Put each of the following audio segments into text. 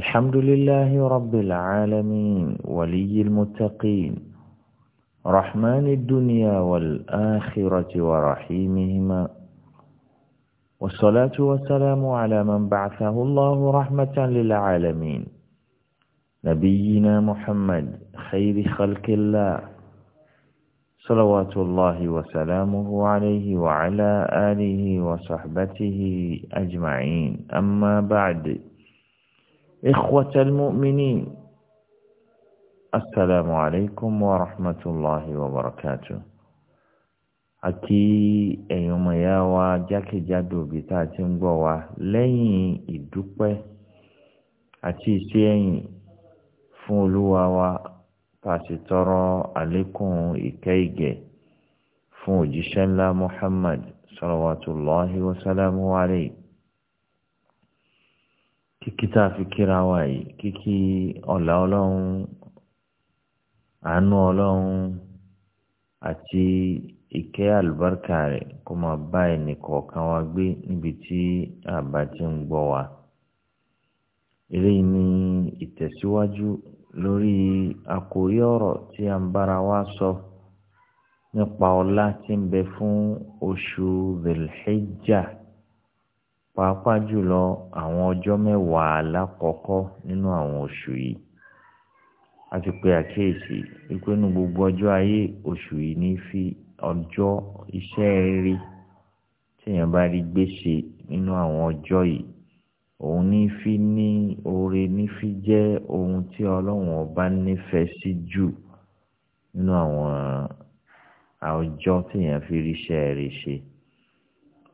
الحمد لله رب العالمين ولي المتقين رحمن الدنيا والآخرة ورحيمهما والصلاة والسلام على من بعثه الله رحمة للعالمين نبينا محمد خير خلق الله صلوات الله وسلامه عليه وعلى آله وصحبته أجمعين أما بعد إخوة المؤمنين السلام عليكم ورحمة الله وبركاته àkí ẹ̀yin ọmọ ìyá wa jákèjádò òbí tá a ti ń gbọ́ wa lẹ́yìn ìdúpẹ́ àti ìṣe ẹ̀yìn fún olúwa wa tá a sì tọrọ àlékún ìkẹ́ ìgẹ̀ fún òjíṣẹ́ ńlá Muhammad salawatullahi wa salamu alayhi kíkí tá a fi kíra wa yìí kíkí ọ̀la ọlọ́run àánú ọlọ́run àti ìkẹ́ àlùbáríkà rẹ̀ kó máa bá ẹnì kọ̀ọ̀kan wa gbé níbi tí àbá ti ń gbọ́ wa. eléyìí ni ìtẹ̀síwájú lórí àkórí ọ̀rọ̀ tí a ń bára wa sọ nípa ọlá tí ń bẹ fún oṣù Dhul Hijjah pàápàá jùlọ àwọn ọjọ́ mẹ́wàá alákọ̀ọ́kọ́ nínú àwọn oṣù yìí. A ti pe àkíyèsí wípé nínú gbogbo ọjọ́ ayé oṣù yìí ní fi ọjọ́ iṣẹ́ rí tí èèyàn bá rí gbèsè nínú àwọn ọjọ́ yìí. Òun ní fi ní oore ní fi jẹ́ ohun tí Ọlọ́run ọba nífẹ̀ẹ́ sí jù nínú àwọn ọjọ́ tí èèyàn fi rí iṣẹ́ rere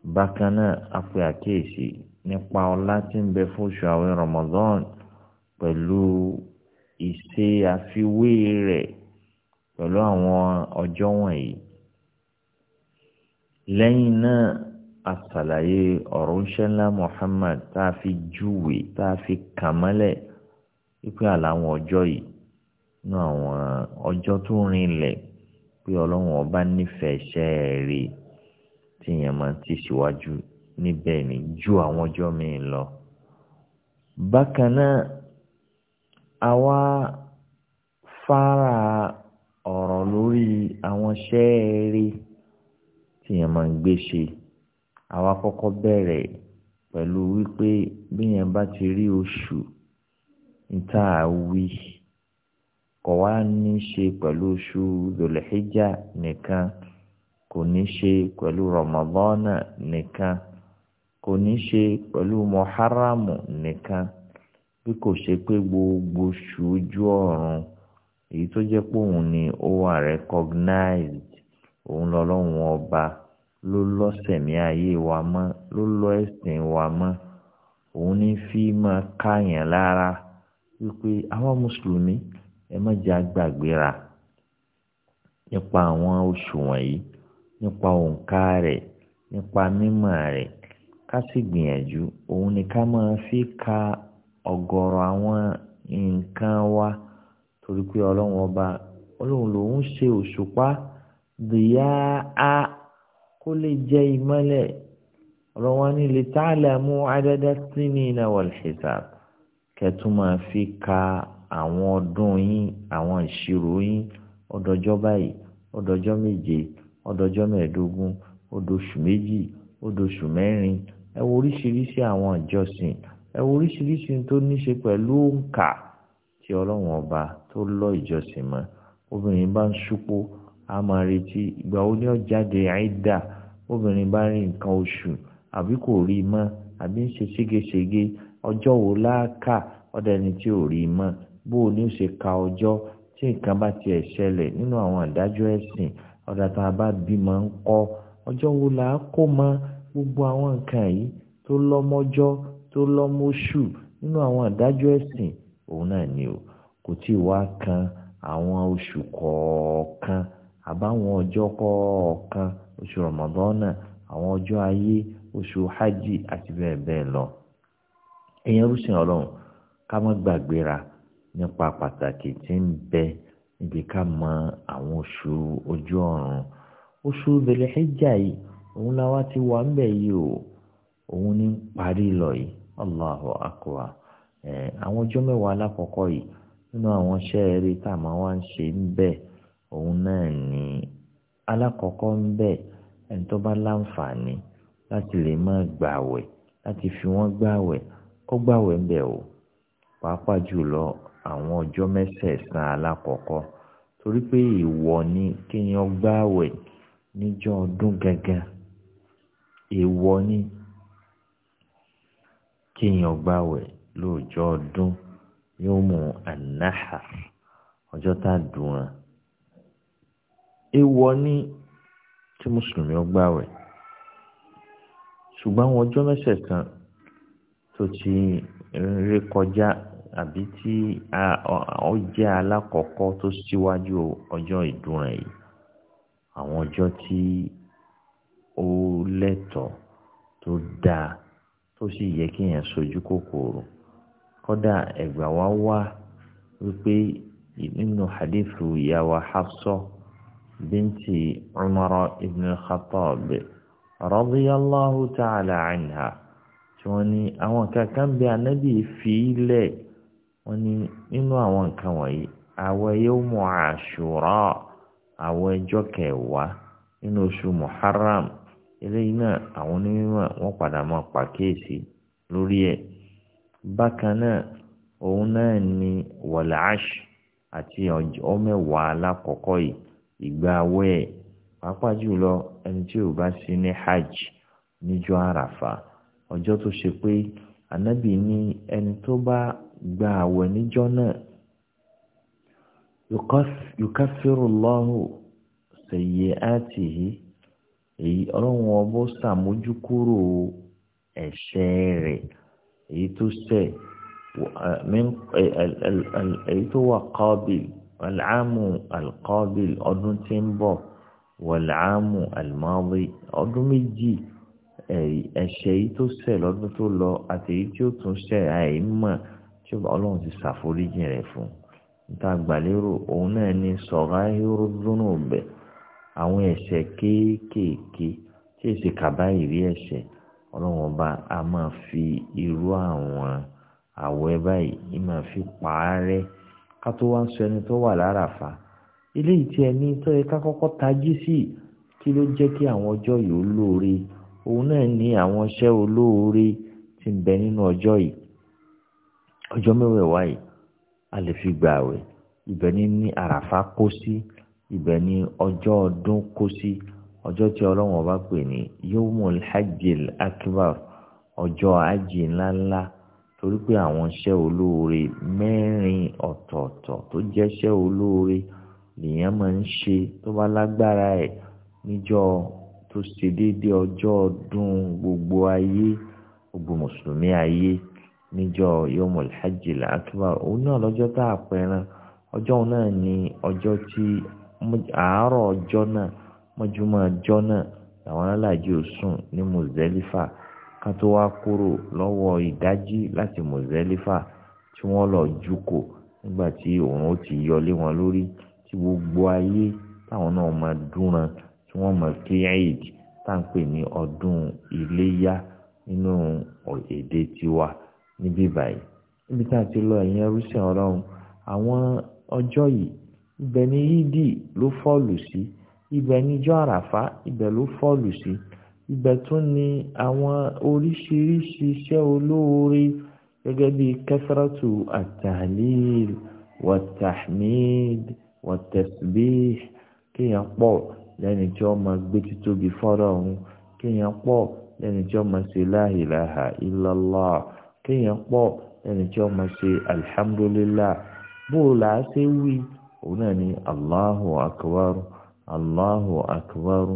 bákan náà a pe àkíyèsí nípa ọlá tí ń bẹ fóṣù àwẹ̀ Ramadan pẹ̀lú ìṣe àfiwé rẹ̀ pẹ̀lú àwọn ọjọ́ wọ̀nyí. lẹ́yìn náà a ṣàlàyé ọ̀rọ̀ Muhammad tá a fi júwe tá a fi kàn mọ́lẹ̀ wípé àláwọn ọjọ́ yìí nínú àwọn ọjọ́ tó rinlẹ̀ pé ọlọ́run ọba nífẹ̀ẹ́ ṣẹ́ tí èèyàn máa ti síwájú níbẹ̀ ni ju àwọn ọjọ́ míì lọ. bákan náà àwa fara ọ̀rọ̀ lórí àwọn ṣẹ́ẹ̀rí tí èèyàn máa ń gbé ṣe àwa kọ́kọ́ bẹ̀rẹ̀ pẹ̀lú wípé bí èèyàn bá ti rí oṣù níta wí kò wá ní ṣe pẹ̀lú oṣù dòlẹ́híjà nìkan kò ní ṣe pẹ̀lú rọmọbọ́nà nìkan kò ní ṣe pẹ̀lú mọ̀háràmù nìkan bí kò ṣe pé gbogbo ṣojú ọ̀run èyí tó jẹ́ pé òun ni ó wà recognized òun lọ́lọ́run ọba ló lọ́sẹ̀mí ayé wa mọ́ ló lọ́ ẹ̀sìn wa mọ́ òun ní fi máa káyàn lára wípé àwọn mùsùlùmí ẹ má jẹ́ àgbàgbéra nípa àwọn oṣù wọ̀nyí. nípa òǹkà rẹ̀ nípa mímọ̀ rẹ̀ ká sì gbìyànjú òun ni ká máa fi ka ọ̀gọ̀rọ̀ àwọn nǹkan wa torí pé ọlọ́run ọba ọlọ́run lòun ṣe òṣùpá dìyà á kó lè jẹ́ ìmọ́lẹ̀ ọlọ́run ní lè tá a lè mú adada sí ní iná wàlṣẹ̀sà kẹtùn máa fi ka àwọn ọdún yín àwọn ìṣirò yín ọdọjọ́ báyìí ọdọjọ́ méje ọdọjọ́ mẹ́ẹ̀ẹ́dógún odòṣù méjì odòṣù mẹ́rin ẹ wo oríṣiríṣi àwọn ìjọsìn ẹ wo oríṣiríṣi tó ní ṣe pẹ̀lú òǹkà tí ọlọ́run ọba tó lọ ìjọsìn mọ́ obìnrin bá ń ṣúpó a máa retí ìgbà wo ni ó jáde àìdá obìnrin bá rí nǹkan oṣù àbí kò rí i mọ́ àbí ń ṣe ségesège ọjọ́ wo láàkà ọ̀dọ̀ ẹni tí ò rí i mọ́ bó o ní ó ṣe ka ọjọ́ tí nǹkan bá tiẹ̀ ṣẹlẹ̀ nínú àwọn ìdájọ́ ẹ̀sìn ọ̀dà tá a bá bímọ ń kọ́ ọjọ́ wo là á kó mọ gbogbo àwọn nǹkan yìí tó lọ́mọjọ́ tó lọ́mọṣù nínú àwọn àdájọ́ ẹ̀sìn òun náà ni o kò tí ì wá kan àwọn oṣù kọ̀ọ̀kan àbáwọn ọjọ́ kọ̀ọ̀kan oṣù rọ̀mọ̀dọ́nà àwọn ọjọ́ ayé oṣù hajj àti bẹ́ẹ̀ bẹ́ẹ̀ lọ. èèyàn rúṣin ọlọ́run ká má gbàgbéra nípa pàtàkì tí ń bẹ níbi ká mọ àwọn oṣù ojú ọ̀run oṣù bẹ̀lẹ̀ ẹjà yìí òun la ti wà ń yìí o òun ní parí lọ yìí Allahu akwa, ẹ̀ àwọn ọjọ́ mẹ́wàá alákọ̀ọ́kọ́ yìí nínú àwọn iṣẹ́ eré tá a máa wá ń ṣe ń bẹ̀ òun náà ní alákọ̀ọ́kọ́ ń ẹni tó bá láǹfààní láti lè máa gbààwẹ̀ láti fi wọ́n gbààwẹ̀ ó gbààwẹ̀ ń o pàápàá jùlọ àwọn ọjọ́ mẹ́sẹ̀ẹ̀sán alákọ̀ọ́kọ́ torí pé èèwọ̀ ni kéèyàn gbààwẹ̀ níjọ́ ọdún gangan èèwọ̀ ni kéèyàn gbààwẹ̀ lóòjọ́ ọdún yóò mú anahar ọjọ́ tá a dùn án èèwọ̀ ni tí mùsùlùmí ó gbààwẹ̀ ṣùgbọ́n àwọn ọjọ́ mẹ́sẹ̀ẹ̀sán tó ti rí àbí tí ó jẹ́ alákọ̀ọ́kọ́ tó síwájú ọjọ́ ìdúnra yìí àwọn ọjọ́ tí ó lẹ́tọ̀ọ́ tó dáa tó sì yẹ kí èèyàn sojú kòkòrò kódà ẹ̀gbà wa wá wípé nínú hadithu ìyàwó Hafsa binti Umar ibn Khattab radiyallahu ta'ala anha tí wọ́n ní àwọn kankan bí anábì fi í wọ́n ní nínú àwọn nǹkan wọ̀nyí àwẹ̀ yawmu àṣùrà àwẹ̀ ọjọ́ kẹwàá nínú oṣù muharram eléyìí náà àwọn onímọ̀ wọ́n padà máa pàkíyèsí lórí ẹ̀ bákan náà òun náà ni wọ̀láṣ àti ọjọ́ alákọ̀ọ́kọ́ yìí ìgbà àwẹ̀ pàápàá jùlọ ẹni tí ò bá sí ní hajj níjọ́ àràfà ọjọ́ tó ṣe pé anabi ní ẹni tó bá gba àwẹ̀ níjọ́ náà yukasiru lọ́hù ṣèyí àti yìí èyí ọlọ́run ọbọ̀ ṣàmójúkúrò ẹ̀ṣẹ̀ rẹ̀ èyí tó ṣẹ̀ eh, eh, èyí tó wà qabil al'amu alqabil ọdún tí ń bọ̀ wàl'amu almadi ọdún méjì ẹ̀ṣẹ̀ èyí tó ṣẹ̀ lọ́dún tó lọ àti èyí tí tún ṣẹ̀ àìmọ̀ tí ọlọ́run ti ṣàforíjì rẹ̀ fún níta gbàlérò òun náà ní sọ̀rọ̀ ayóró lónà ọ̀bẹ àwọn ẹ̀ṣẹ̀ kéékèèké tí èsì kàbáyìrí ẹ̀ṣẹ̀ ọlọ́run ọba a máa fi irú àwọn àwẹ̀ báyìí ì máa fi pààrẹ́ ká tó wá ń sọ ẹni tó wà lára fa eléyìí tí ẹni tó yẹ ká kọ́kọ́ tají sí kí ló jẹ́ kí àwọn ọjọ́ yìí ó lóore òun náà ní àwọn iṣẹ́ olóore tí ń bẹ nínú ọjọ́ yìí ọjọ́ mẹ́wẹ̀ẹ́ wáyé a lè fi gbà àwẹ̀ ibẹ̀ ni ní àràfá kó sí ibẹ̀ ni ọjọ́ ọdún kó sí ọjọ́ tí ọlọ́run ọba pè ní yomul hajjil akbar ọjọ́ ajì ńláńlá torí pé àwọn iṣẹ́ olóore mẹ́rin ọ̀tọ̀ọ̀tọ̀ tó jẹ́ iṣẹ́ olóore lèèyàn máa ń ṣe tó bá lágbára ẹ̀ níjọ́ tó ṣe déédéé ọjọ́ ọdún gbogbo ayé gbogbo mùsùlùmí ayé níjọ́ yomul hajjil akbar òun náà lọ́jọ́ tá a pẹran ọjọ́ náà ni ọjọ́ tí àárọ̀ ọjọ́ náà mọ́júmọ́ ọjọ́ náà làwọn alálàájì ò sùn ní muzelifa ká tó wá kúrò lọ́wọ́ ìdájí láti muzelifa tí wọ́n lọ jùkò nígbà tí òun ó ti yọlé wọn lórí tí gbogbo ayé táwọn náà máa dúnran tí wọ́n máa kí eid tá à ń pè ní ọdún iléyá nínú èdè tiwa níbí báyìí níbi tá a ti lọ ẹ̀yìn ẹrúsìn ọlọ́run àwọn ọjọ́ yìí ibẹ̀ ni yídì ló fọ́ọ̀lù sí ibẹ̀ níjọ́ àràfá ibẹ̀ ló fọ́ọ̀lù sí ibẹ̀ tún ni àwọn oríṣiríṣi iṣẹ́ olóore gẹ́gẹ́ bí kẹfẹ́rẹ́tù àtàlíl wàtàmíd wàtẹ̀síbíh kéèyàn pọ̀ lẹ́ni tí wọ́n máa gbé títóbi fọ́rọ̀ ọ̀hún kéèyàn pọ̀ lẹ́ni tí wọ́n máa ṣe la ilaha kéèyàn pọ̀ ẹni tí wọ́n máa ṣe alhamdulillah bó o làá ṣe wí òun náà ni allahu akbar allahu akbar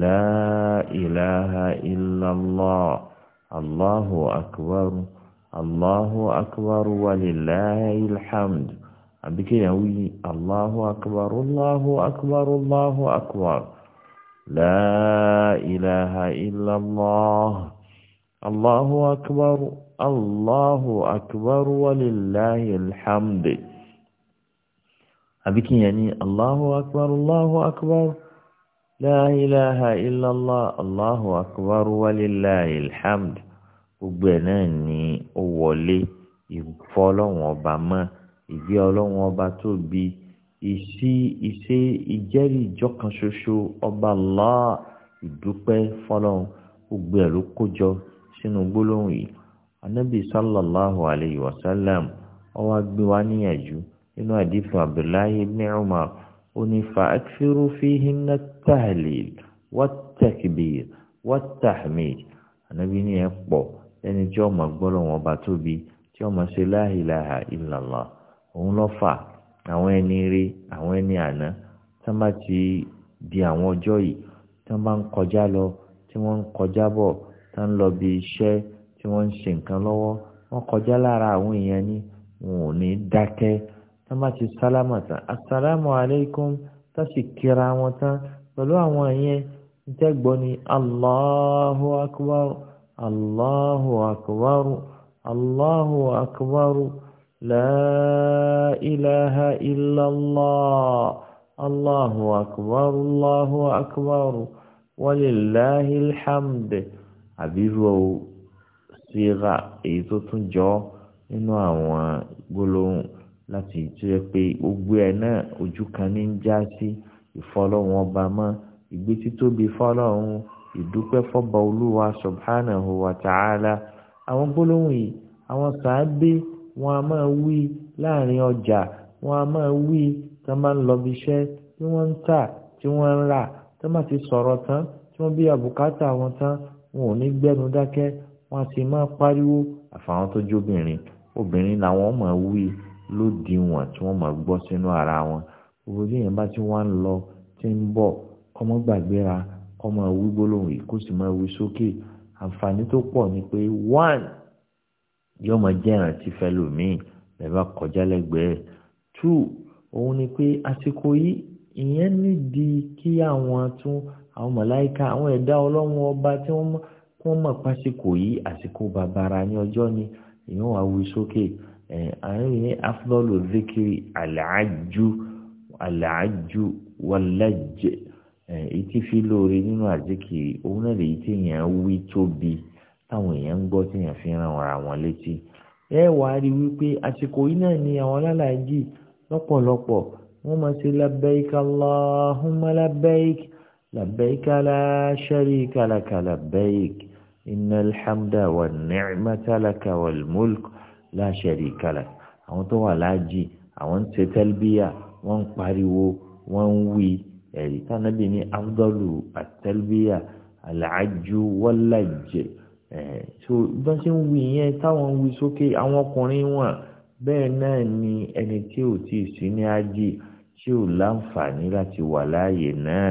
la ilàlá illallah allahu akbar allahu akbar walillahi alhamd àbí kéèyàn wí allahu akbar allahu akbar allahu akbar la ilaha illallah allahu akbar. allahu akbar walillahi alhamdi àbí kí yẹn ní allahu akbar allahu akbar la ilaha illallah allahu akbar walillahi alhamdi gbogbo ẹ̀ náà ní ó wọlé ìfọ́ ọlọ́wọ́n ọba mọ́ ìgbé ọlọ́wọ́n ọba tóbi ìsí ìṣe ìjẹ́rìí ìjọkan ṣoṣo ọba Allah ìdúpẹ́ fọlọ́run gbogbo ẹ̀ ló kó jọ sínú gbólóhùn yìí anábì sallallahu alayhi wa sallam ọwọ́ gbé wa níyànjú nínú àdìfún abdullahi ibn umar ó ní fa akfiru fihinna tahlil wat-takbir wat-tahmid anábì ní ẹ pọ̀ ẹni tí ọmọ gbọ́dọ̀ wọn bá tóbi tí ọmọ ṣe la ilaha illallah òun lọ fà àwọn ẹni rí àwọn ẹni àná tí wọ́n bá ti di àwọn ọjọ́ yìí tí wọ́n bá ń kọjá lọ tí wọ́n ń kọjá bọ̀ tí wọ́n ń lọ bí iṣẹ́ tí wọ́n ń ṣe nǹkan lọ́wọ́ wọ́n kọjá lára àwọn èèyàn ni wọn ò ní dákẹ́ tó má ti sálámà tán asalaamu alaykum tó sì kíra wọn tán pẹ̀lú àwọn yẹn tẹ́gbọ́ ni allahu akbar allahu akbar allahu akbar la ilaha illallah allahu akbar allahu akbar walillahil àbí rò ó síra èyí tó tún jọ nínú àwọn gbólóhùn láti tó yẹ pé gbogbo ẹ̀ náà ojú kan ní ń já sí ìfọlọ́wọn mọ́ ìgbé títóbi fọlọ́run ìdúpẹ́ fọba olúwa subhanahu wa ta'ala àwọn gbólóhùn yìí àwọn sàábé wọn a máa wí láàrin ọjà wọn a máa wí tó máa ń lọbi iṣẹ́ tí wọ́n ń tà tí wọ́n ń rà tó máa ti sọ̀rọ̀ tán tí wọ́n bí àbùkátà wọn tán wọn ò ní gbẹ́nu dákẹ́ wọ́n ti máa pariwo àfàwọn tó jóbìnrin obìnrin làwọn máa wí lódiwọ̀n tí wọ́n máa gbọ́ sínú ara wọn gbogbo bí èèyàn bá ti wá ń lọ tí ń bọ̀ kọ́mọ́ gbàgbéra kọ́mọ́ wí gbólóhùn yìí kó sì máa wí sókè àǹfààní tó pọ̀ ni pé one yóò máa jẹ́ ìrántí fẹlòmíì bẹ́ẹ̀ bá kọjá lẹ́gbẹ̀ẹ́ two òun ni pé àsìkò yìí ìyẹn nídìí kí àwọn tún àwọn màláìka àwọn ẹ̀dá ọlọ́run ọba tí wọ́n mọ̀ wọ́n mọ̀ pásíkò yìí àsìkò bàbàrà ní ọjọ́ ni èèyàn wà wí sókè ẹ̀ àárín ní afúlọ́lù zikiri àlàájú àlàájú wàlájẹ ẹ̀ fi lóore nínú àzikiri òun náà lèyí tí èèyàn wí tóbi táwọn èèyàn ń gbọ́ fi ràn wọ́n wọn létí ẹ rí wípé àsìkò yìí náà ni àwọn alálàájì lọ́pọ̀lọpọ̀ wọ́n máa ṣe inna الحمد wa لك والملك لا شريك لك sharika lak àwọn tó wà láàjì àwọn ń ṣe tẹlbíyà wọ́n ń pariwo wọ́n ń wí ẹ̀rí tánàbí ní afdalu àtẹlbíyà àlàájú wọlájẹ ẹ so bá ṣe ń wí yẹn táwọn ń wí sókè àwọn ọkùnrin wọn bẹ́ẹ̀ náà ni ẹni tí ò tí ì sí ní ájì tí ò láǹfààní láti wà láàyè náà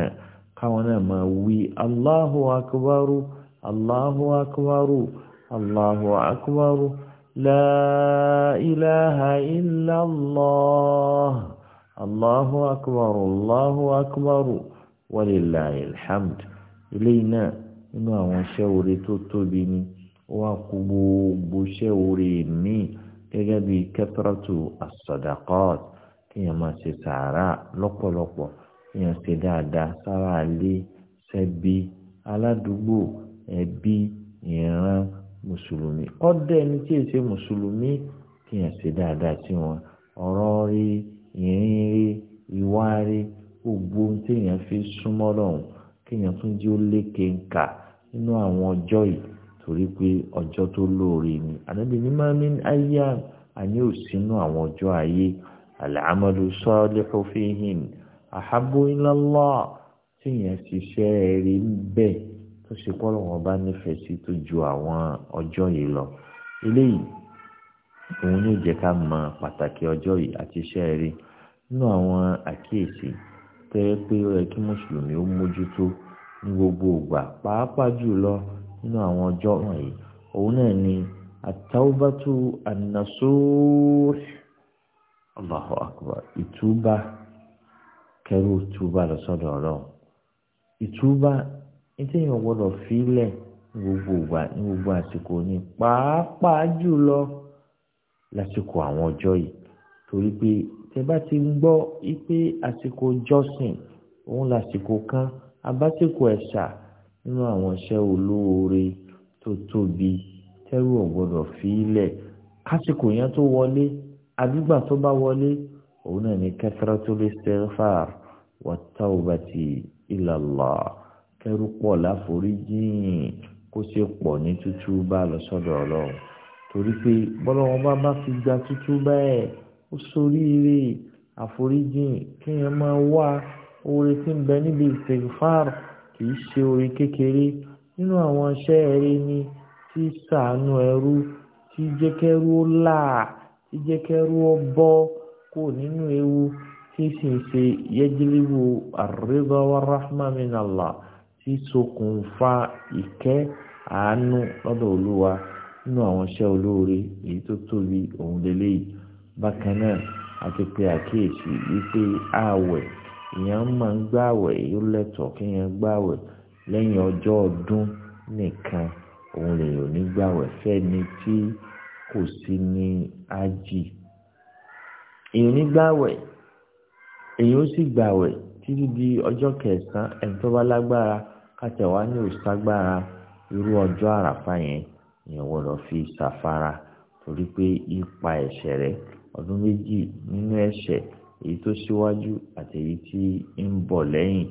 káwọn náà máa wí Allahu akbaru. Allahu akbaru Allahu akbaru la ilaha illallah Allahu akbaru Allahu akbaru walillahil hamd eléyìí náà nínú àwọn iṣẹ́ oore tó tóbi ni ó wá kó gbogbo iṣẹ́ oore míì gẹ́gẹ́ bí kẹ́tọ́rọ́tù as-sadaqat kéèyàn máa ṣe sàárà lọ́pọ̀lọpọ̀ kéèyàn ṣe dáadáa sára ilé sẹ́bí aládùúgbò ẹbí ìran mùsùlùmí kọ́dà ẹni tí èsè mùsùlùmí kìyàn ṣe dáadáa sí wọn ọ̀rọ̀ rí ìrìn rí ìwà rí gbogbo ohun téèyàn fi súnmọ́ lọ́hùn kéèyàn tún jí ó lékè ńkà nínú àwọn ọjọ́ yìí torí pé ọjọ́ tó lóore ni ànábì ní máa ní ayé àní òsínú àwọn ọjọ́ ayé al-amalu salihu fihin ahabbu ila Allah tíyẹn ṣiṣẹ́ rí bẹ́ẹ̀ tó ṣe pé Ọlọ́run bá nífẹ̀ẹ́ sí tó ju àwọn ọjọ́ yìí lọ eléyìí òun ní jẹ́ ká mọ pàtàkì ọjọ́ yìí àti iṣẹ́ rí nínú àwọn àkíyèsí tẹ́rẹ́ pé ó yẹ kí mùsùlùmí ó mójútó ní gbogbo ìgbà pàápàá jùlọ nínú àwọn ọjọ́ wọ̀nyí òun náà ni àtàwùbátú ànàsóòrì Allahu akbar ìtúbà kẹrù túbà lọ́sọ̀dọ̀ Ọlọ́run ìtúbà nítorí èèyàn gbọ́dọ̀ fílẹ̀ gbogbo ìgbà ní gbogbo àsìkò ní pàápàá jùlọ lásìkò àwọn ọjọ́ yìí torí pé tẹ bá ti ń gbọ́ pé àsìkò jọ́sìn òun lásìkò kan abásìkò ẹ̀ṣà nínú àwọn iṣẹ́ olóore tó tóbi tẹ́rù ò gbọ́dọ̀ fílẹ̀ kásìkò yẹn tó wọlé àdúgbà tó bá wọlé òun náà ní kathratul istighfar wat tawbati ila Allah kẹ́rù pọ̀ láforíjìn kó ṣe pọ̀ ní tútú bá lọ sọ́dọ̀ ọlọ́run torí pé bọ́lọ́wọ́n bá bá fi gba tútú báyẹ̀ ó soríire àforíjìn kéèyàn máa wá oore tí ń bẹ níbi ìsèǹfàr kì í ṣe oore kékeré nínú àwọn iṣẹ́ eré ni tí ṣàánú ẹrú tí jẹ́kẹ́rú ó là tí jẹ́kẹ́rú ó bọ́ kó nínú ewu tí sì ń ṣe yẹjìlíwò àríwá wa rahma min Allah tí ṣokùnfà ìkẹ́ àánú lọ́dọ̀ olúwa nínú àwọn iṣẹ́ olóore èyí tó tóbi òun lélẹ́yìí bákan náà àti pé àkíyèsí wípé ààwẹ̀ èèyàn máa ń gbà ààwẹ̀ èyí lẹ́tọ̀ọ́ kí èèyàn gbà ààwẹ̀ lẹ́yìn ọjọ́ ọdún nìkan òun lèèyàn ní gbà ààwẹ̀ fẹ́ni tí kò sí ní ájì èèyàn ní gbà ààwẹ̀ èèyàn ó sì gbà ààwẹ̀ títí di ọjọ́ kẹsàn-án ẹni lágbára kátẹ̀wá ní òṣìṣàgbára irú ọjọ́ àràfà yẹn èèyàn gbọ́dọ̀ fi ṣàfara torí pé ipa ẹ̀ṣẹ̀ rẹ ọdún méjì nínú ẹ̀ṣẹ̀ èyí tó ṣíwájú àti èyí tí ń bọ̀ lẹ́yìn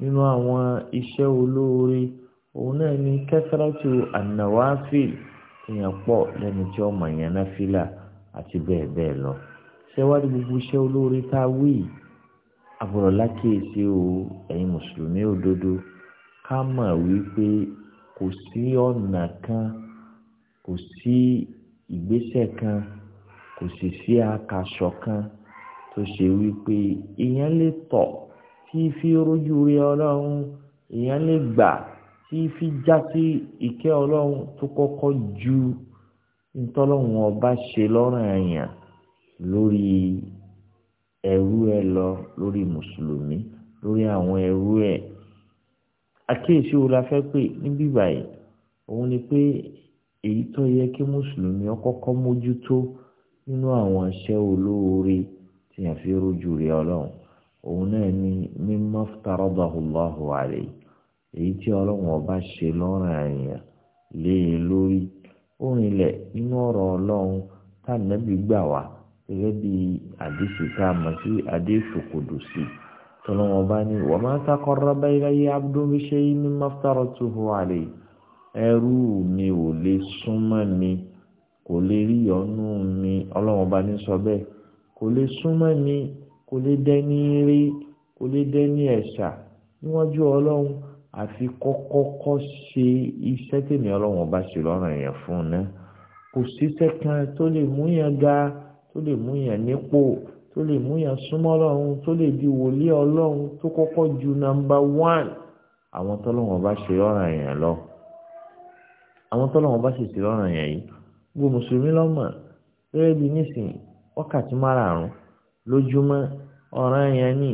nínú àwọn iṣẹ́ olóore òun náà ni kẹsàrátù ànáwáfíìl èèyàn pọ̀ lẹ́nu tí ọmọ yẹn náà fílà àti bẹ́ẹ̀ bẹ́ẹ̀ lọ ṣẹ́wádìí gbogbo iṣẹ́ olóore tá a wí àbúrò lákèésí o ẹ̀yin mùsùlùmí òdodo ká mọ̀ wípé kò sí ọ̀nà kan, kò sí ìgbésẹ̀ kan, kò sì sí àkàsọ̀ kan tó ṣe wípé èèyàn lè tọ̀ tí fi rójú rí Ọlọ́run, èèyàn lè gbà tí fi já sí ìkẹ́ Ọlọ́run tó kọ́kọ́ ju ntọ́lọ́run ọba ṣe lọ́rùn ẹ̀yàn lórí ẹrú ẹ lọ lórí mùsùlùmí lórí àwọn ẹrú ẹ àkíyèsí wo la fẹ́ pè níbí báyìí òun ni pé èyí tó yẹ kí mùsùlùmí ọkọ́kọ́ mójútó nínú àwọn iṣẹ́ olóore tí a fi rojú rẹ̀ ọlọ́run òun náà ni mímọ́ tarọ́dọ̀hùnláhùn àlè èyí tí ọlọ́run ọba ṣe lọ́rùn àyàn lé e lórí ó rinlẹ̀ nínú ọ̀rọ̀ ọlọ́run tànàbí gbà wá gẹ́gẹ́ bí àdéṣe tá a mọ̀ sí àdéṣe kòdòsí tọ́lọ́wọ́n bá ní wọ́n máa taqarraba ilayya abdu bi shay'in mimma aftaratuhu alayhi ẹrú mi ò lè súnmọ́ mi kò lè rí ọ̀nù mi ọlọ́wọ́n bá ní sọ bẹ́ẹ̀ kò lè súnmọ́ mi kò lè dẹ́ni rí kò lè dẹ́ni ẹ̀ṣà níwájú ọlọ́run àfi kọ́kọ́kọ́ ṣe iṣẹ́ tèmi ọlọ́run ọba ṣe lọ́rùn èèyàn fún un náà kò síṣẹ́ kan tó lè mú yàn ga tó lè mú yàn nípò tó lè mú yàn súnmọ́ ọlọ́run tó lè di wòlíì ọlọ́run tó kọ́kọ́ ju nàmbà wán àwọn tọ́lọ́wọ́n bá ṣe lọ́ràn yẹn lọ àwọn tọ́lọ́wọ́n bá ṣe ṣe lọ́ràn yẹn yìí gbogbo mùsùlùmí wákàtí márààrún lójúmọ́ ọ̀ràn yẹn ní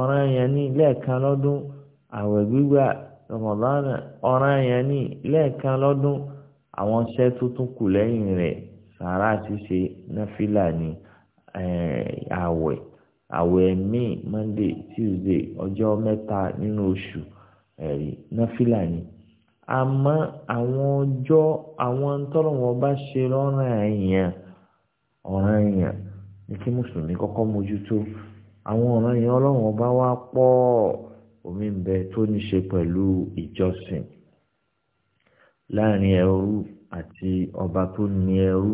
ọ̀ràn yẹn ní lẹ́ẹ̀kan lọ́dún tuntun kù lẹ́yìn rẹ̀ sàárà ṣíṣe náfìlà ní àwẹ̀ àwẹ̀ mi monday tuesday ọjọ́ mẹ́ta nínú oṣù ẹ̀rí náfìlà ní àmọ́ àwọn ọjọ́ àwọn tọ́lọ́wọ́n bá ṣe lọ́rùn ẹ̀yàn ọ̀ràn ẹ̀yàn ní kí mùsùlùmí kọ́kọ́ mójútó àwọn ọ̀ràn ẹ̀yàn ọlọ́run ọba wá pọ̀ omi ń bẹ tó ní ṣe pẹ̀lú ìjọsìn láàrin ẹrú àti ọba tó ní ẹrú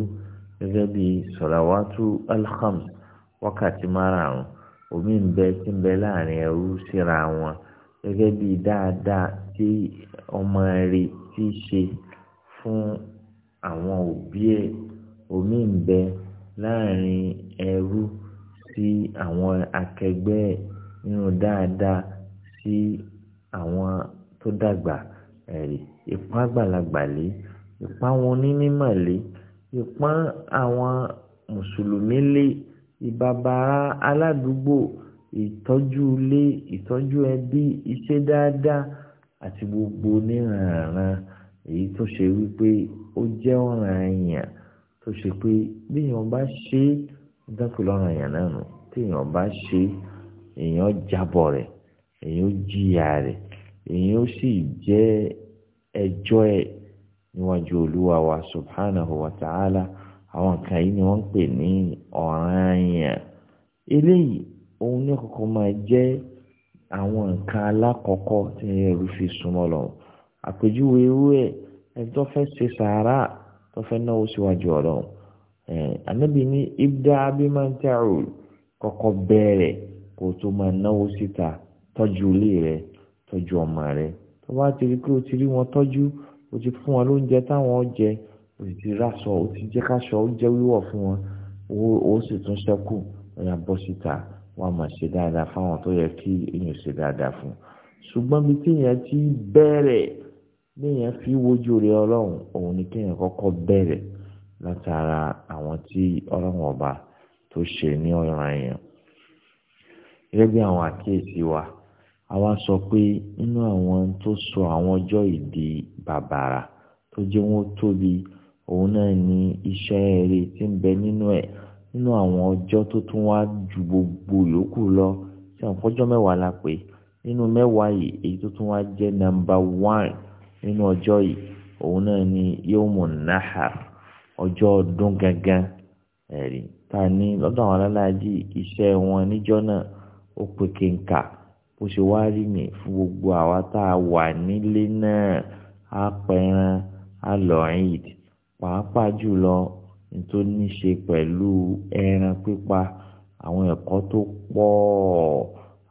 gẹ́gẹ́ bí sọ̀làwátú alhams wákàtí márààrún omi ń bẹ tí ń bẹ láàrin ẹrú síra wọn gẹ́gẹ́ bí dáadáa tí ọmọ rẹ̀ ti ṣe fún àwọn òbí ẹ̀ omi ń bẹ láàrin ẹrú sí àwọn akẹgbẹ́ nínú dáadáa sí àwọn tó dàgbà ẹ̀rí ipá àgbàlagbà lé ìpáwọn onímọ̀ lé ìpọ́n àwọn mùsùlùmí lé ìbàbàrà aládùúgbò ìtọ́jú ilé ìtọ́jú ẹbí iṣẹ́ dáadáa àti gbogbo onírànràn èyí tó ṣe wípé ó jẹ́ ọ̀ràn èèyàn tó ṣe pé bí èèyàn bá ṣe é dákú lọ́ràn èèyàn náà nù tí èèyàn bá ṣe é èèyàn jábọ̀ rẹ̀ èèyàn jìyà rẹ̀ èèyàn sì jẹ́ ẹjọ́ ẹ̀ níwájú olúwa wa subhanahu wa ta'ala àwọn kan yìí ni wọ́n ń pè ní ọ̀ranyàn eléyìí òun ní kọ́kọ́ máa jẹ́ àwọn nǹkan alákọ̀ọ́kọ́ tí ẹrú fi súnmọ́ lọ àpèjúwe irú ẹ̀ ẹni tó fẹ́ ṣe sàárà tó fẹ́ náwó síwájú ọlọ́run ànábì ní ibda abimantaro kọ́kọ́ bẹ̀rẹ̀ kó tó máa náwó síta tọ́jú ilé rẹ tọ́jú ọmọ rẹ tó bá ti rí pé o ti rí wọn tọ́jú ó ti fún wọn lóúnjẹ táwọn jẹ ó sì ti ráṣọ ó ti jẹ́ káṣọ ó jẹ́ wíwọ̀ fún wọn ó sì tún ṣẹ́kù ọ̀yà bọ́ síta wọ́n máa ṣe dáadáa fáwọn tó yẹ kí èèyàn ṣe dáadáa fún ṣùgbọ́n bí téèyàn ti bẹ̀rẹ̀ léèyàn fi wojú rẹ̀ ọlọ́run òun ni kéèyàn kọ́kọ́ bẹ̀rẹ̀ látara àwọn tí ọlọ́run ọba tó ṣe ní ọ̀ràn èèyàn gẹ́gẹ́ bí àwọn àkíyèsí wa àwa sọ pé nínú àwọn tó sọ àwọn ọjọ́ ìdí bàbàrà tó jẹ́ wọ́n tóbi òun náà ni iṣẹ́ eré tí ń bẹ nínú ẹ̀ nínú àwọn ọjọ́ tó tún wá ju gbogbo yòókù lọ tí àwọn ọjọ́ mẹ́wàá la pè nínú mẹ́wàá yìí èyí tó tún wá jẹ́ nàmbà wán nínú ọjọ́ yìí òun náà ni yóòmù náhà ọjọ́ ọdún gangan ẹ̀rí ta ni lọ́dọ̀ àwọn alálàájì iṣẹ́ wọn níjọ́ náà ó pe kéńkà. bó ṣe wá rí ní fún gbogbo àwa tá a wà nílé náà á pẹran á lọ eid pàápàá jùlọ tó ní ṣe pẹ̀lú ẹran pípa àwọn ẹ̀kọ́ tó pọ̀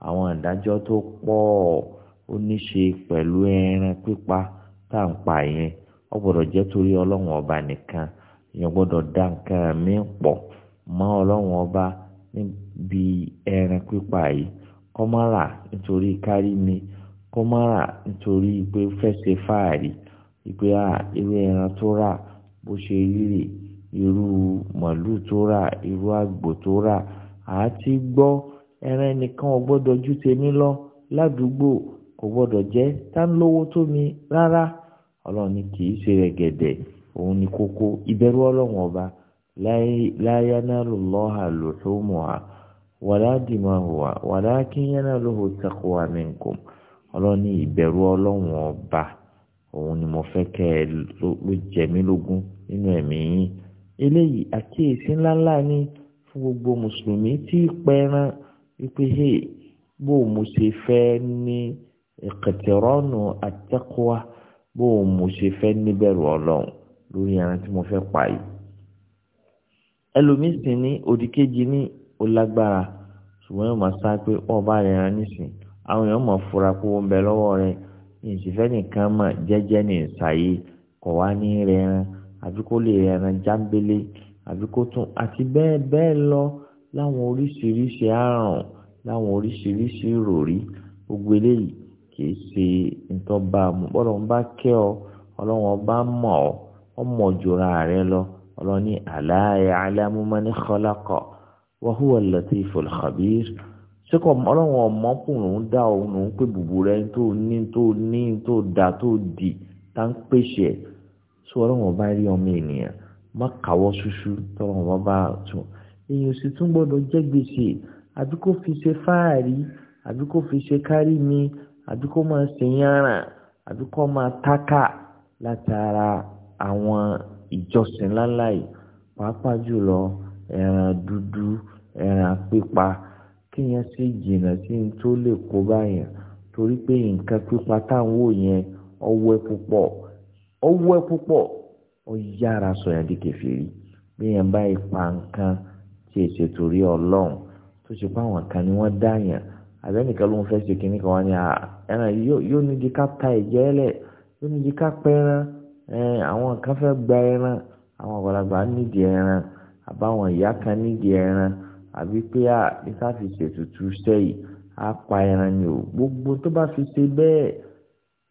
àwọn ìdájọ́ tó pọ̀ ó ní ṣe pẹ̀lú ẹran pípa tá à ń pa yẹn ó gbọ́dọ̀ jẹ́ torí ọlọ́run ọba nìkan èèyàn gbọ́dọ̀ dá nǹkan mi pọ̀ mọ́ ọlọ́run ọba níbi ẹran pípa yìí kọ́mọ́rà nítorí kárí mi kọ́mọ́rà nítorí pé fẹ́sẹ̀ fáàrí ìpè à irú ẹran tó rà bó ṣe rírì irú màálù tó rà irú àgbò tó rà àti gbọ ẹran nìkan ò gbọ́dọ̀ ju tèmi lọ ládùúgbò kò gbọ́dọ̀ jẹ́ tó mi rárá ọlọ́run ni kì í ṣe ni kókó wàlá dìmáhùwà wàlá kínyẹ́nà lóhù taqwa minkum ọlọ́run ìbẹ̀rù ọba òun ni mo fẹ́ kẹ́ ẹ ló jẹ mí lógún nínú ẹ̀mí yín eléyìí àkíyèsí ni fún gbogbo mùsùlùmí tí pẹran wípé hey bó o mo ṣe fẹ́ ní ìkẹtẹ̀rọ́nù àtẹ́kùwá bó o mo pa òdìkejì ó lágbára ṣùgbọ́n yóò máa sá pé ọba rẹ̀ rán nísìn àwọn èèyàn máa fura pé ó ń bẹ lọ́wọ́ rẹ̀ ìsìfẹ́ nìkan mọ̀ jẹ́jẹ́ ní ìsàyè kọ̀ wá ní rẹran àbí kó lè rẹran jábélé àbí kó tún àti bẹ́ẹ̀ bẹ́ẹ̀ lọ láwọn oríṣiríṣi àrùn láwọn oríṣiríṣi ìròrí gbogbo eléyìí kìí ṣe nǹkan bá a mú bọ́dọ̀ ń bá kẹ́ ọ ọlọ́wọ́n bá mọ̀ ọ́ ọmọ òjòra rẹ lọ ọlọ́ni àlàyé alámúmọ́ni kọ́lákọ̀ọ́ wàhùwà latiful khabir ṣé kò ọlọ́run ọmọkùnrin dá òun òun pé bùbù rẹ tó ní tó ní tó dá tó dì tá ń pèsè ẹ̀ sọ ọlọ́run ọba rí ọmọ ènìyàn má kàwọ́ ṣuṣu tọ́lọ́run ọba bá tún èèyàn sì tún gbọ́dọ̀ jẹ́ gbèsè àbí kó fi ṣe fáàrí àbí kó fi ṣe kárí mi àbí kó máa ṣe yánra àbí kó máa tákà látara àwọn ìjọsìn ńláńlá pàápàá jùlọ. ẹran dúdú ẹran pípa kéèyàn sì jìnnà sí ní tó lè kó torí pé nǹkan pípa táwọn taa yẹn ọwọ́ ẹ púpọ̀ ọwọ́ ẹ púpọ̀ ó yára sọ̀yà di bá ipa nǹkan tí èsè torí ọlọ́run tó ṣe pé àwọn kan ni wọ́n dáyàn àbẹ́nìkan ló ń fẹ́ ṣe kínní kan wá ní ẹran yóò ní di ká ta ìjẹ́ ẹlẹ̀ yóò ní di ká àwọn kan fẹ́ gba ẹran àwọn àgbàlagbà nídìí àbáwọn ìyá kan nídìí ẹran àbí pé à níta fi ṣètùtù sẹ́yìn á pa ẹran ni o gbogbo tó bá fi ṣe bẹ́ẹ̀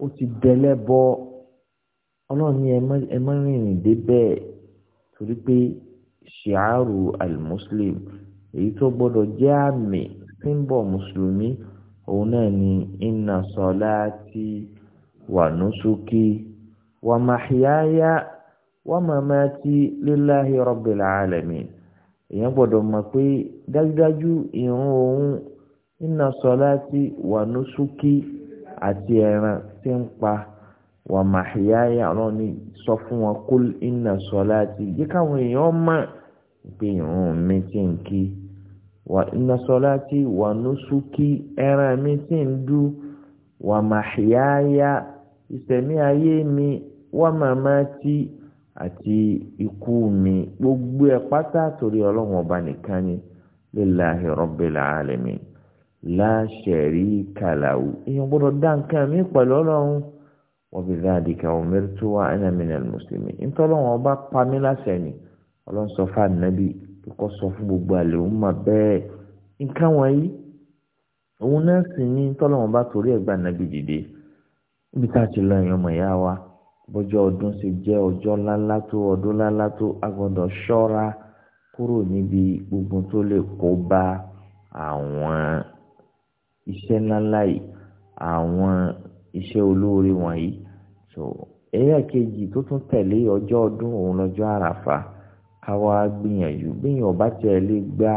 ó ti dẹlẹ́bọ ọlọ́run ní ẹ mọ́ rìnrìn dé bẹ́ẹ̀ torí pé ṣìárù al èyí tó gbọ́dọ̀ jẹ́ àmì símbọ̀ mùsùlùmí òun náà ni inna salati wa nusuki wa mahyaya wa mamati lillahi rabbil alamin èèyàn gbọ́dọ̀ mọ̀ pé dájúdájú ìrun òun inna salati wa nusuki àti ẹran tí ń pa wa mahyaya ọlọ́run ní sọ fún wọn kul inna salati jẹ́ káwọn èèyàn mọ̀ pé ìrun mi ti ń kí wa inna salati wa nusuki ẹran mi ti ń dú wa mahyaya ìsẹ̀mí ayé mi wa mamati àti ikú mi gbogbo ẹ̀ pátá torí ọlọ́run ọba nìkan ni lillahi rabbil alamin la sharika lahu èèyàn gbọ́dọ̀ dá nǹkan mi pẹ̀lú ọlọ́run wa bidhalika umirtu wa ana minal muslimin ntọ́lọ́run ọba pa mí láṣẹ ni ọlọ́run sọ fún ànábì kọ́ sọ fún gbogbo àlè òun mà bẹ́ẹ̀ nǹkan wọ̀nyí òun náà sì ní tọ́lọ́run ọba torí ẹ̀gbà ànábì dìde níbi tá a ti lọ èèyàn mọ̀ yá wa bọ́jọ́ ọdún ṣe jẹ́ ọjọ́ ńláńlá tó ọdún ńláńlá tó a gbọ́dọ̀ ṣọ́ra kúrò níbi gbogbo tó lè kó bá àwọn iṣẹ́ ńláńlá yìí àwọn iṣẹ́ olóore wọ̀nyí so ẹ̀yà kejì tó tún tẹ̀lé ọjọ́ ọdún òun lọ́jọ́ àràfà káwa gbìyànjú gbìyànjú ọba tẹ̀ lé gba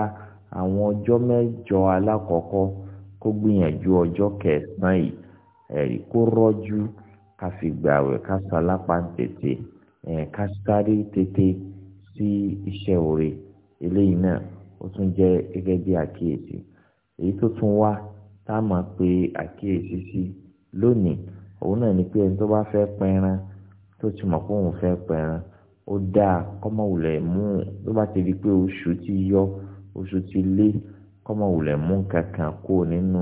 àwọn ọjọ́ mẹ́jọ alákọ̀ọ́kọ́ kó gbìyànjú ọjọ́ kẹsàn-án yìí kó rọ́jú ká fi gbààwẹ̀ ká sọ alápá tètè ẹ̀ ká sáré tètè sí iṣẹ́ òre eléyìí náà ó tún jẹ́ gẹ́gẹ́ bí àkíyèsí èyí tó tún wá tá a máa pe àkíyèsí sí lónìí òun náà ni pé ẹni tó bá fẹ́ pẹran tó ti mọ̀ pé òun fẹ́ pẹran ó dáa kọ́mọ̀wùlẹ̀ mú tó bá ti di pé oṣù ti yọ oṣù ti lé kọ́mọ̀wùlẹ̀ mú kankan kó nínú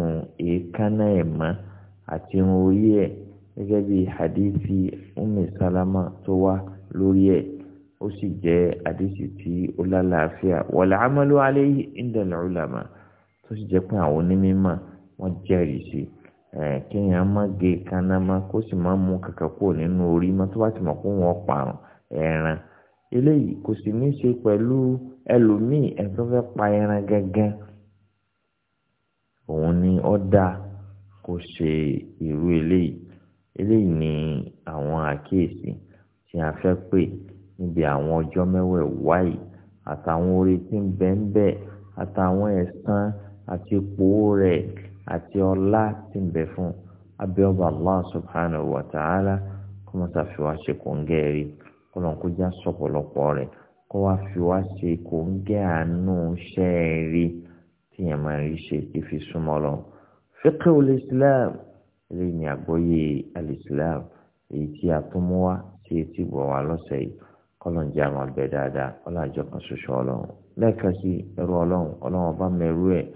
èékánná ẹ̀ mọ́ àti irun orí ẹ̀ gẹ́gẹ́ bí hadithi umi salama tó wá lórí ẹ̀ ó sì jẹ́ hadithi tí ó lálàáfíà wal amalu inda ulama tó sì jẹ́ pé àwọn onímọ̀ wọ́n jẹ́rìí sí kéèyàn má gé kaná kó sì má mú kàkà kúrò nínú orí má tó bá ti mọ̀ kó parun ẹran eléyìí kò sì ní í ṣe pẹ̀lú ẹlòmíì pa ẹran gẹ́gẹ́ òun ni ṣe eléyìí ni àwọn àkíyèsí tí a fẹ́ pè níbi àwọn ọjọ́ mẹ́wẹ̀ẹ̀wá yìí àtàwọn orí tí ń bẹ ń bẹ àtàwọn ẹ̀san àti ipò rẹ̀ àti ọlá tí ń bẹ fún abẹ́ọ̀bà allah subhanahu wa ta'ala kó má sà fi wá ṣe kòńgẹ́ rí kó lọ́n kó já sọ̀pọ̀lọpọ̀ rẹ̀ kó wá fi wá ṣe kòńgẹ́ àánú ṣẹ́ rí tí yẹn máa rí ṣe kí fi súnmọ́ lọ. fiqhul islam eléyìí ni àgbọ́yé alìsílám èyí tí a tún mú wá sí etí bọ̀ wá lọ́sẹ̀ yìí kọ́lọ̀njẹ́ àwọn abẹ dáadáa ọlọ́àjọ kan ṣoṣo ọlọ́run lẹ́ẹ̀kan sí ẹrú ọlọ́run ọlọ́run ọba mẹ́rú ẹ̀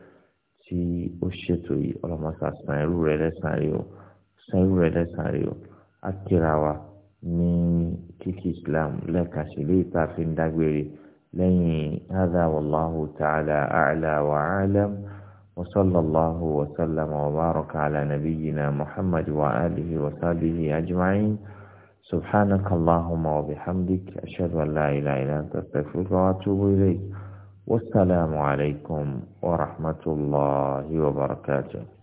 tí ó ṣètò yìí ọlọ́mọṣà san irú rẹ̀ lẹ́sàn-án rí o san irú rẹ̀ lẹ́sàn-án rí o á kíra wa ní kíkí islam lẹ́ẹ̀kan sí ilé ìta fi ń dágbére lẹ́yìn hádà wàláhù tààlà àlà wàhálà. وصلى الله وسلم وبارك على نبينا محمد وآله وصحبه أجمعين سبحانك اللهم وبحمدك أشهد أن لا إله إلا أنت أستغفرك وأتوب إليك والسلام عليكم ورحمة الله وبركاته